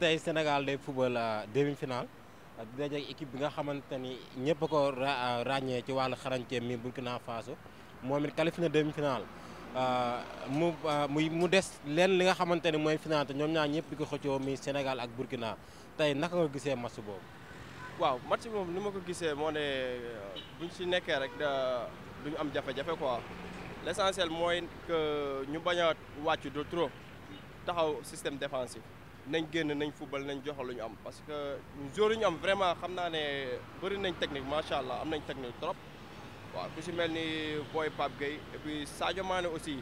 tey Sénégal de football euh, demi-finale di daje ak équipe bi nga xamante ni ñëpp ko euh, ràññee ci wàllu xarañteem mi Burkina Faso moom it qualifié na demi-finale euh, mu muy mu des leen li nga xamante ni mooy finale te ñoom ñaar ñëpp di ko xëccoo mi Sénégal ak Burkina tey naka nga gisee match boobu. waaw match bi moom ni ma ko gisee moo ne buñ si nekkee rek duñu am jafe-jafe quoi l'essentiel mooy que ñu bañ a wàcc de trop taxaw système défensif. nañ génn nañ football nañ joxe lu ñu am parce que joueurs yi ñu am vraiment xam naa ne bëri nañ technique macha allah am nañ technique trop waaw ku si mel ni booy Pape Gueye et puis Sadio Mané aussi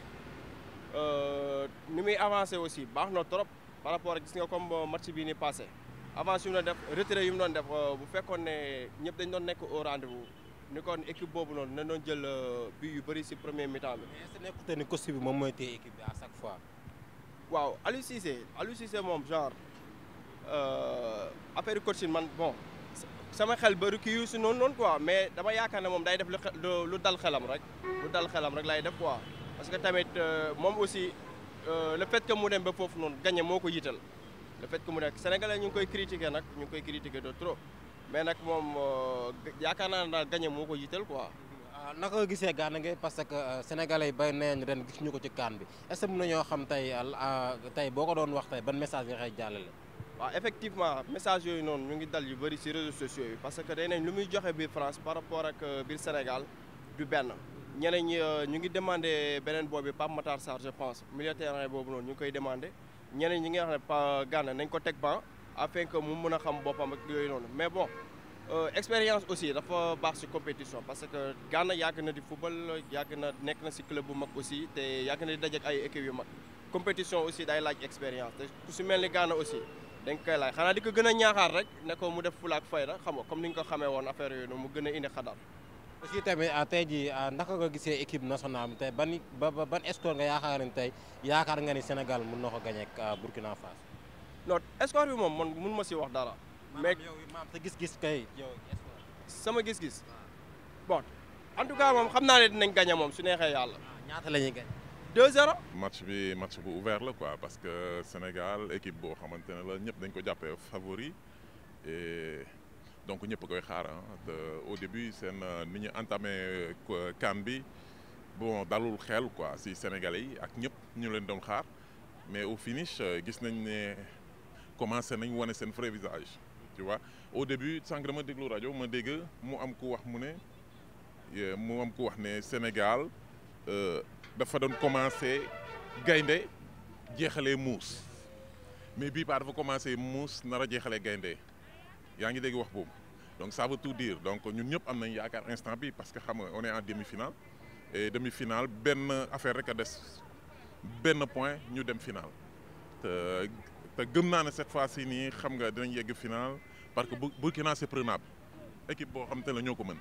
euh, ni muy aussi baax na trop par rapport ak gis nga comme match bii ni passé avance yu mu doon def retrait yu mu doon def bu fekkoon ne ñëpp dañ doon nekk au rendez-vous ni kon équipe boobu noonu na doon jël euh, but yu bari si premier mi-temps bi. mais est-ce que bi moom mooy téye équipe bi à chaque fois. waaw Aliou Cissé Aliou Cissé moom genre euh, affaire coaching man bon sama xel bëri kii yu si noonu noonu quoi mais dama yaakaar ne moom day def lu dal xelam rek lu dal xelam rek lay def quoi parce que tamit euh, moom aussi euh, le fait que mu dem ba foofu noon gañe moo ko yital la fait que mu nekk Sénégalais ñu ngi koy critiquer nag ñu ngi koy critiquer de trop mais nag moom yaakaar naa ne daal gagné moo ko yital quoi. naka nga gisee Gana parce que euh, sénégalais yi bay nañu ren gis ñu ko ci kaan bi est-ce que mën xam tey euh, euh, tey boo ko doon wax tey ban message nga koy jàllale. waaw effectivement message yooyu noonu ñu ngi dal yu bëri ci réseaux sociaux yi parce que day nañ lu muy joxe biir France par rapport ak biir Sénégal du benn. ñeneen ñi ñu ngi demandé beneen boobu Pape Matar Sarr je pense milieu terrain boobu noonu ñu ngi koy demandé ñeneen ñi nga xam ne Gana nañ ko teg ban afin que mu mën a xam boppam ak yooyu noonu mais bon. Euh, expérience aussi dafa baax si compétition parce que Ghana yàgg na di football yàgg na nekk na si club bu mag aussi te yàgg na di dajeek ay équipes yu mag compétition aussi day laaj expérience te ku ci mel ni gaana aussi dañ koy laaj xanaa di ko gën a ñaaxaar rek ne ko mu def fulaak fayda xam nga comme ni nga ko xamee woon affaire yooyu noonu mu gën a indi xadar aussi tamit ah, tey jii ah, naka nga gisee équipe nationale tey ban ba ban score nga yaakaar ni tey yaakaar nga ni Sénégal mën na ko gañeek ah, Burkina Faso non score bi moom man mun ma ci wax dara mais maanaam sa gis-gis kay sama gis-gis bon en tout cas moom xam naa ne dinañ gagné moom su neexee yàlla. Ah, ñaata la ñuy gagné. 2 match bi match bu ouvert la quoi parce que Sénégal équipe boo xamante ne la ñëpp dañ ko jàppee favori e donc ñëpp koy xaar au début seen euh, ni ñu entamé euh, CAN bi bon dalul xel koi si Sénégalais yi ak ñëpp ñu leen doon xaar mais au finish euh, gis nañ ne commencé nañ wane seen vrai visage. tu vois au début sànq dama déglu rajo ma dégg mu am ku wax mu ne mu am ku wax ne Sénégal euh, dafa doon commencé gaynde jeexale muus mais bii par dafa commencé muus nar a jeexale gaynde yaa ngi dégg wax boobu donc ça veut tout dire donc ñun ñëpp am nañ yaakaar instant bi parce que xam nga on est en demi-finale et demi-finale benn affaire rek a des benn point ñu dem finale te gëm naa ne cette fois ci nii xam nga dinañ yegg final parce que Burkina c'est prenable équipe boo xamante la ñoo ko mën.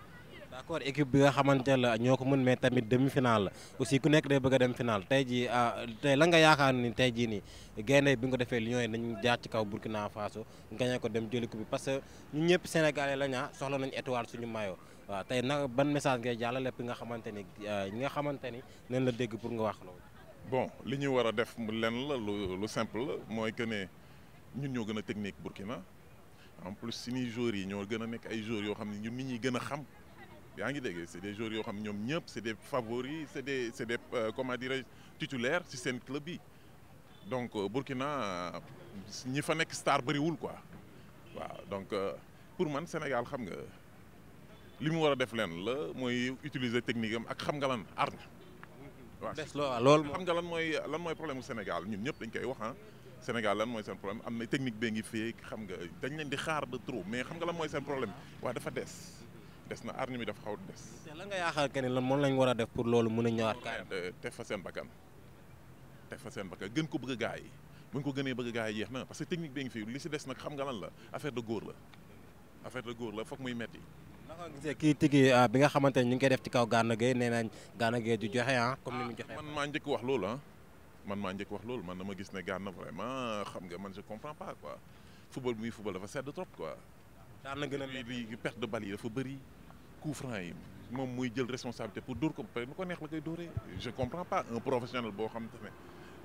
d'accord équipe bi nga xamante la ñoo ko mën mais tamit demi final la aussi ku nekk day bëgg dem final tey jii ah, tey la nga yaakaar ni tey jii nii gaynde bi nga ko defee Lions yi nañu jaar ci kaw Burkina Faso gagné ko dem jëli ko bi parce que ñun ñëpp Sénégalais la ñaa ah, soxla nañu étoile suñu maillot waaw tey na ban message ngay jàllale lépp nga xamante ni ah, ñi nga xamante ni nañ la dégg pour nga wax loolu. bon li ñu war a def lenn la lu lu simple mooy que ne ñun ñoo gën a technique Burkina en plus suñuy joueurs yi ñoo gën a nekk ay joueurs yoo xam ne ñun nit ñuy gën a xam yaa ngi dégg c'est des joueurs yoo xam ne ñoom ñëpp c'est des favoris c'est des c'est des euh, comment dirais-je titulaires ci seen club yi donc euh, Burkina ñi fa nekk star bëriwul quoi waaw donc euh, pour man Sénégal xam nga li mu war a def leen la mooy utiliser technique am ak xam nga lan arme des la lool xam nga lan mooy lan mooy problème mu Sénégal ñun ñëpp dañ koy wax ah. Sénégal lan mooy seen problème am na technique bee ngi fii xam nga dañ leen di xaar de trop mais xam nga lan mooy seen problème waaw dafa des des na arme mi dafa xaw des. te lan nga yaakaar que ne lan moom war a def pour loolu mën a ñëwaat. kaay teg fa seen bakkan teg gën ko bëgg gaa yi bu ñu ko gënee bëgg gaa yi jeex na parce que technique bee ngi fii li si des nag xam nga lan la affaire de góor la affaire de góor la foog muy metti naka nga gisee kii tigi ah, bi nga xamante ne ñu ngi koy def ci kaw gaana Gueye nee nañ Gana Gueye du joxe ah. comme ni mu joxe ah, man maa njëkk wax loolu ah. man maa njëkk wax loolu man dama gis ne Gana vraiment xam nga man je comprends pas quoi football bi muy football dafa sedd trop quoi. daan na gën a lii perte de balle yi dafa bëri coup franc yi moom muy jël responsabilité pour dóor ko ba pare nu ko neex la koy dóoree. je comprends pas un professionnel boo xam ne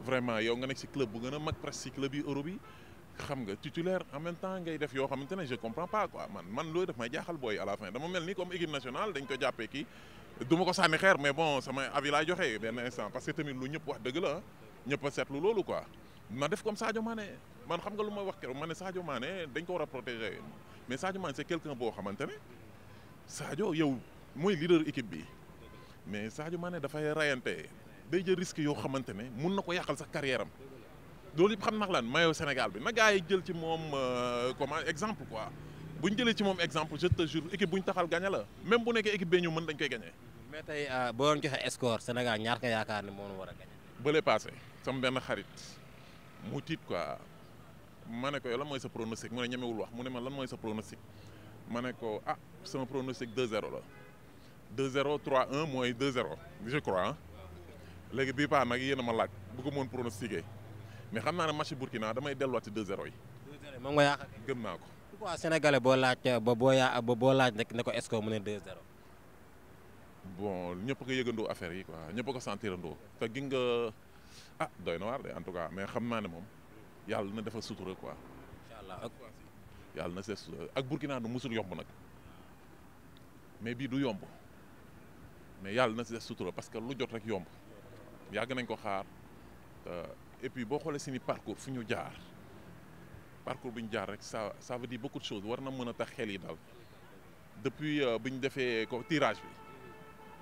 vraiment yow nga nekk si club bu gën a mag presque si club yi xam nga titulaire en même temps ngay def yoo xamante ne je comprends pas quoi man man loolu daf may jaaxal booy à la fin dama mel ni comme équipe nationale dañ ko jàppee kii du ko sànni xeer mais bon sama avis laa joxe benn instant parce que tamit lu ñëpp wax dëgg la ñëpp a seetlu loolu quoi na def comme Sadio Mané man xam nga lu may wax keroog ma ne Sadio Mané dañ ko war a protéger mais Sadio Mané c'est quelqu'un boo xamante ne Sadio yow mooy leader équipe bi mais Sadio Mané dafay rayante day jël risque yoo xamante ne mun na ko yàqal sax carrière loolu yëpp xam nax lan maillot Sénégal bi na yi jël ci moom euh, comment exemple quoi bu ñu jëlee ci moom exemple je te jure équipe bu ñu taxal gagné la même bu nekkee équipe bee ñu mën dañ koy gagné. mais tey euh, boo doon joxe score Sénégal ñaar nga yaakaar ne moo ñu war a gagné. bële paase sama benn xarit mu tiit quoi ma ne ko la mooy sa pronostic mu ne wax mu ne ma lan mooy sa ma ne ko ah sama pronostic 2-0 la 2-0 3-1 mooy 2-0 je crois léegi bii paa nag yéen a ma laaj bu ko mën pronostiqué. mais xam naa ne match Burkina damay delluwaat ci 2-0 yi. moom nga yaakaar gëm naa ko. pourquoi boo laaj ba boo yaa ba boo laaj rek ne ko est-ce que mu ne 2-0. bon ñëpp ko yëgandoo affaire yi quoi ñëpp ko sentirandoo te gi nga ah doy na waar de en tout cas mais xam naa ne moom yàlla na dafa sutura quoi. incha yàlla na seet sutura ak Burkina du musul yomb nag mais bii du yomb mais yàlla na seet sutura parce que lu jot rek yomb yàgg nañ ko xaar. et puis boo xoolee suñu parcours fu ñu jaar parcours bu ñu jaar rek sa ça veut dire beaucoup de war na mën a tax xel yi daal depuis euh, bi ñu defee ko tirage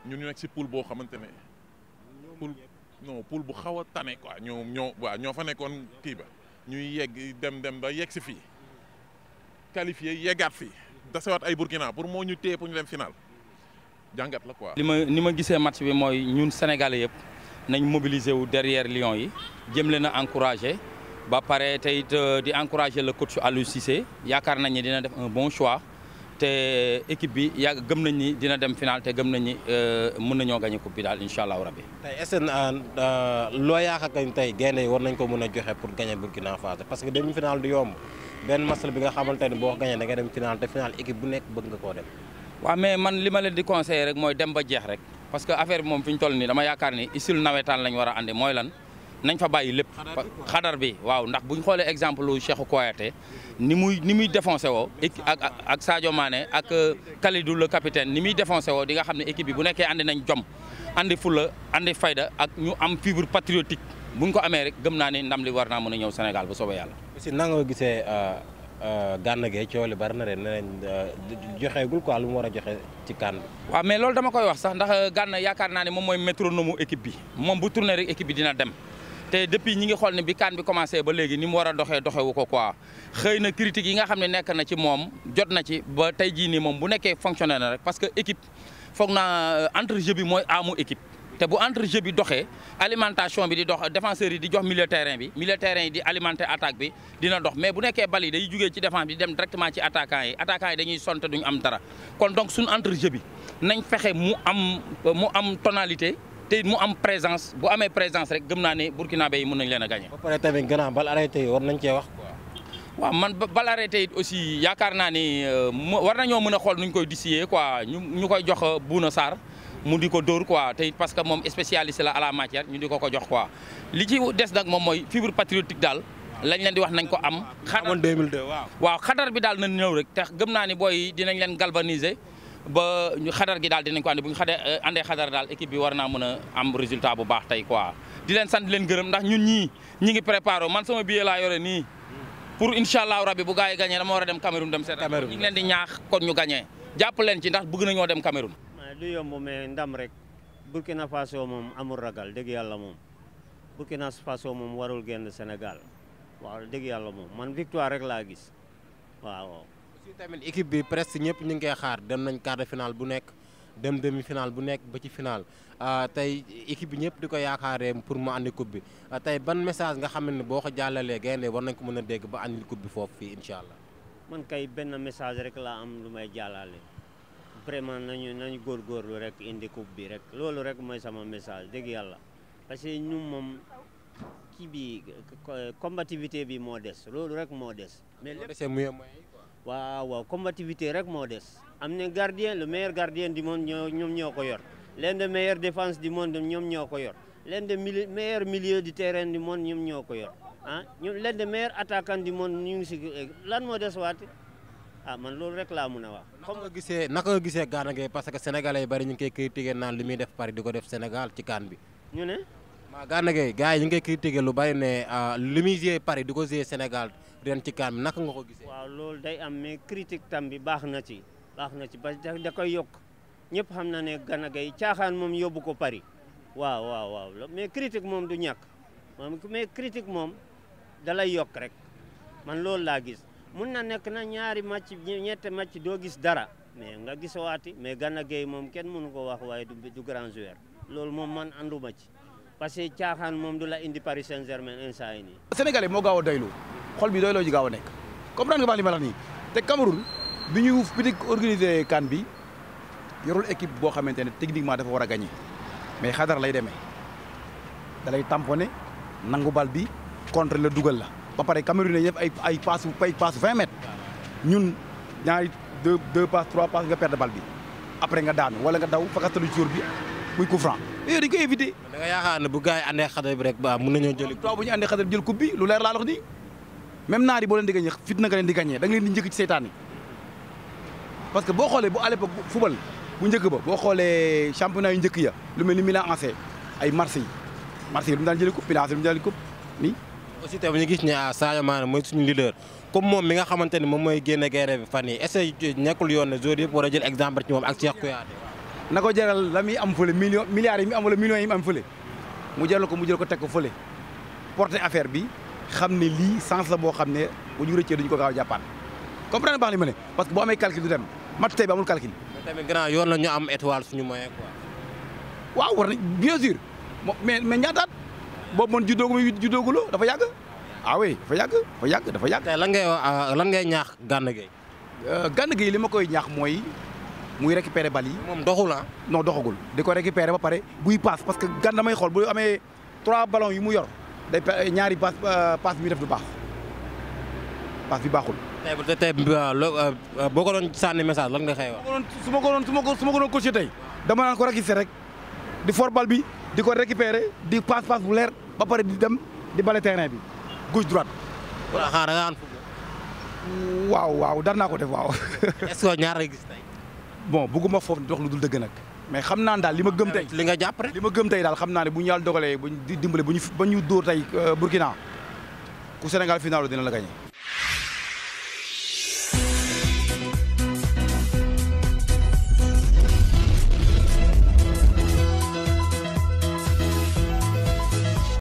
bi ñu nekk si poule boo xamante ne poule non poule bu xaw a tane quoi ñoo ñoo waaw ñoo fa nekkoon kii ba ñuy yegg dem dem ba yegg si fii qualifié yeggaat fii dasewaat ay Burkina pour moo ñu téye pour ñu dem final jàngat la quoi. li ma ni ma gisee match bi mooy ñun sénégalais yëpp. nañ mobiliser wu derrière Lions yi jëm leen a encourager ba pare tey euh, di encourager le coach Aliou Cissé yaakaar nañ ni dina def un bon choix te équipe bi yàgg gëm nañ ni dina dem final te gëm nañ ni euh, mën nañoo gagné coupe bi daal incha allahu rabi. tey est ce que euh, loo yaakaar kañ tey gaynde a joxe pour gagné Burkina Faso parce que demi final du yomb benn match bi nga xamante ne boo gagné da nga dem final te final équipe bu nekk bëgg nga koo dem. waaw mais man li ma leen di conseillé rek mooy dem ba jeex rek. parce que affaire bi moom fi ñu toll nii dama yaakaar ni isil nawetaan lañ war a andi mooy nañ fa bàyyi lépp xadar bi waaw ndax bu ñu xoolee exemple lu Cheikhou Kouyaté ni muy ni muy défoncé woo ak ak maane ak euh, Kalidou le capitaine ni muy défoncé woo di nga xam ne équipe bi bu nekkee andi nañ jom andi fula andi fayda ak ñu am fibre patriotique bu ñu ko amee rek gëm naa ni ndam li war naa mën a ñëw Sénégal bu soobee yàlla. Euh, Gana gee coow li bari na ren nee nañ euh, joxeegul quoi lu mu war a joxe ci kan bi. waaw mais loolu dama koy wax sax ndax euh, Gana yaakaar naa ne moom mooy métronome équipe bi moom bu tourné rek équipe bi dina dem. te depuis ñi ngi xool ne bi kan bi commencé ba léegi ni mu war a doxee doxewu ko quoi xëy na critique yi nga xam ne nekk na ci moom jot na ci ba tey jii nii moom bu nekkee fonctionné na rek parce que équipe foog naa entre jeu bi mooy amu équipe. te bu entre-jeu bi doxee alimentation bi di dox défenseurs yi di jox milieu terrain bi milieu terrain yi di alimenter attaque bi dina dox mais bu nekkee bal yi day jugee ci défense bi dem directement ci attaquant yi attaquant yi dañuy sonte duñu am dara kon donc suñu entre-jeu bi nañ fexe mu am mu am tonalité te mu am présence bu amee présence rek gëm naa ne burkinabé yi mën nañ leen a gagné. ba pare tamit gannaaw bal arrêté yi war nañ cee wax waaw man bal arrêté it aussi yaakaar naa ni euh, war nañoo mën a xool nuñ koy disiyee quoi ñu ñu koy jox euh, Bouna Sarr mu di ko dóor quoi tey parce que moom spécialiste la la matière ñu di ko ko jox quoi li ci des nag moom mooy fibre patriotique daal lañ leen di wax nañ ko am. xadar 2002 waaw. waaw xadar bi daal nañ ñëw rek te gëm naa ni booy dinañ leen galvaniser ba xadar gi daal dinañ ko andi bu ñu xade eh, andee xadar daal équipe bi war naa mën a am résultat bu baax tey quoi. di leen sant di leen gërëm ndax ñun ñii ñi ngi préparé man sama billet laa yore nii pour incha allahu rabi bu gars yi gagné dama war dem Cameroun leen di ñaax kon ñu leen ci ndax bëgg nañoo dem Cameroun. du yomb mais ndam rek Burkina Faso moom amul ragal dëgg yàlla moom Burkina Faso moom warul genn senegal waaw dëgg yàlla moom man victoire rek laa gis waaw. aussi tamit équipe bi presque ñëpp ñu ngi koy xaar dem nañ quart de finale bu nekk dem demi finale bu nekk ba ci finale ah, tey équipe bi ñëpp di ko yaakaaree pour mu andi coupe bi ah, tey ban message nga xam ne boo ko jàllalee gaynde war nañ ko mën a dégg ba andil coupe bi foofu fii incha allah. man kay benn message rek laa am lu may jàllale. vraiment nañu nañu góorgóorlu rek indi coupe bi rek loolu rek mooy sama message dëgg yàlla parce que ñun moom kii bi combativité bi moo des loolu rek moo des. mais lépp waaw waaw combativité rek moo des. am ne gardien le meilleur gardien du monde ñoom ñoo ko yor l'un des meilleures défenses du monde ñoom ñoo ko yor l'un des meilleurs di du terrain du monde ñoom ñoo ko yor ah ñoom l'un des meilleurs attaquants du monde ñu ngi si eh, lan moo des waat. ah man loolu rek laa mun a wax. comme nga gisee naka nga gisee Gana Gueye parce que sénégalais yi bari ñu ngi koy critiquer naan li muy def Paris di def Sénégal ci CAN bi. ñu ne. waaw Gana Gueye yi ñu ngi koy lu bari ne ah, li muy jouer Paris di ko jouer Sénégal ren ci CAN bi naka nga ko gisee. waaw loolu day am mais critique tam baax na ci. baax na ci parce que da koy yokk ñëpp xam na ne Gana Gueye caaxaan moom yóbbu ko Paris. waaw waaw waaw mais critique moom du ñak moom mais critique moom dalay yokk rek man loolu mun na nekk na ñaari match ñetti match doo gis dara mais nga gisawaati mais Gana Gueye moom kenn mënu ko wax waaye du du grand joueur loolu moom man anduma ci parce que caaxaan moom du la indi Paris Saint-Germain instant yi nii. Sénégalais moo gaaw a doylu xol bi doyloo ji gaaw a nekk comprendre nga baax li ma la nii te Cameroun bi ñu bi di organiser bi yorul équipe boo xamante ne techniquement dafa war a gagné mais xadar lay demee da lay tamponné nangu bi contre la dugal la. ba pare Cameroun dañuy def ay ay passe ay passe vingt mètres ñun ñaari deux deux passe trois passe nga perdre bal bi après nga daanu wala nga daw fakastalu jour bi muy coup franc yooyu dañ koy éviter. da nga yaakaar ne yi àndee xadar bi rek ba mun nañoo jëli. waaw bu ñu àndee xadar bi jël coupe bi lu leer laa wax nii même naar yi boo leen di gagné na nga leen di gagné da nga leen di njëkk ci seytaan yi parce que boo xoolee bu à l'époque football bu njëkk ba boo xoolee championnat yu njëkk ya lu mel ni Milan AC ay Marseille Marseille lu mu daan jëli coupe Milan AC lu mu aussi tamit ñu gis ne ah Sadio Mané mooy suñu leader comme moom mi nga xamante moom mooy génne guerre fan yi est-ce yoon ne joueur yëpp war a jël exemple ci moom ak Cheikh Kouyaté. na ko jaral la muy am fële million milliards yi mu am wala millions mu am ko mu jël ko teg ko fële porter affaire bi xam ne lii sens la boo xam ne bu ñu rëccee duñu ko gaaw a jàppaan comprendre baax li ma ne parce que boo amee calcul du dem match tey bi boobu man juddoogu mi juddooguloo dafa yàgg ah oui dafa yàgg dafa yàgg dafa yàgg. tey lan ngay ah, ñaax Gana Gueye. Euh, Gana Gueye li ma koy ñaax mooy muy récupérer bal yi. moom doxul ah. non doxagul di ko récupérer ba pare buy paas parce que gan may xool bu amee trois ballons yi mu yor day ñaari paas euh, paas bi def du baax paas bi baaxul. tey bu tey euh, boo ko doon sànni message lan nga xëy su ma ko doon su ma ko su ma ko doon coaché tey dama naan ko rek gis rek di for bal bi. di ko récupérer di passe-passe bu leer ba pare di dem di bale terrain bi gauche droite. voilà xanaa da waaw waaw dar naa ko def waaw. est-ce que ñaar lay gis tey. bon bëgguma foofu dox lu dul dëgg nag. mais xam naa daal li ma gëm tey li nga jàpp ma gëm tey daal xam naa ne bu ñu yàlla dogalee bu di dimbale bu ñu ba ñu dóor tey euh, Burkina ku Sénégal final dina la gagné.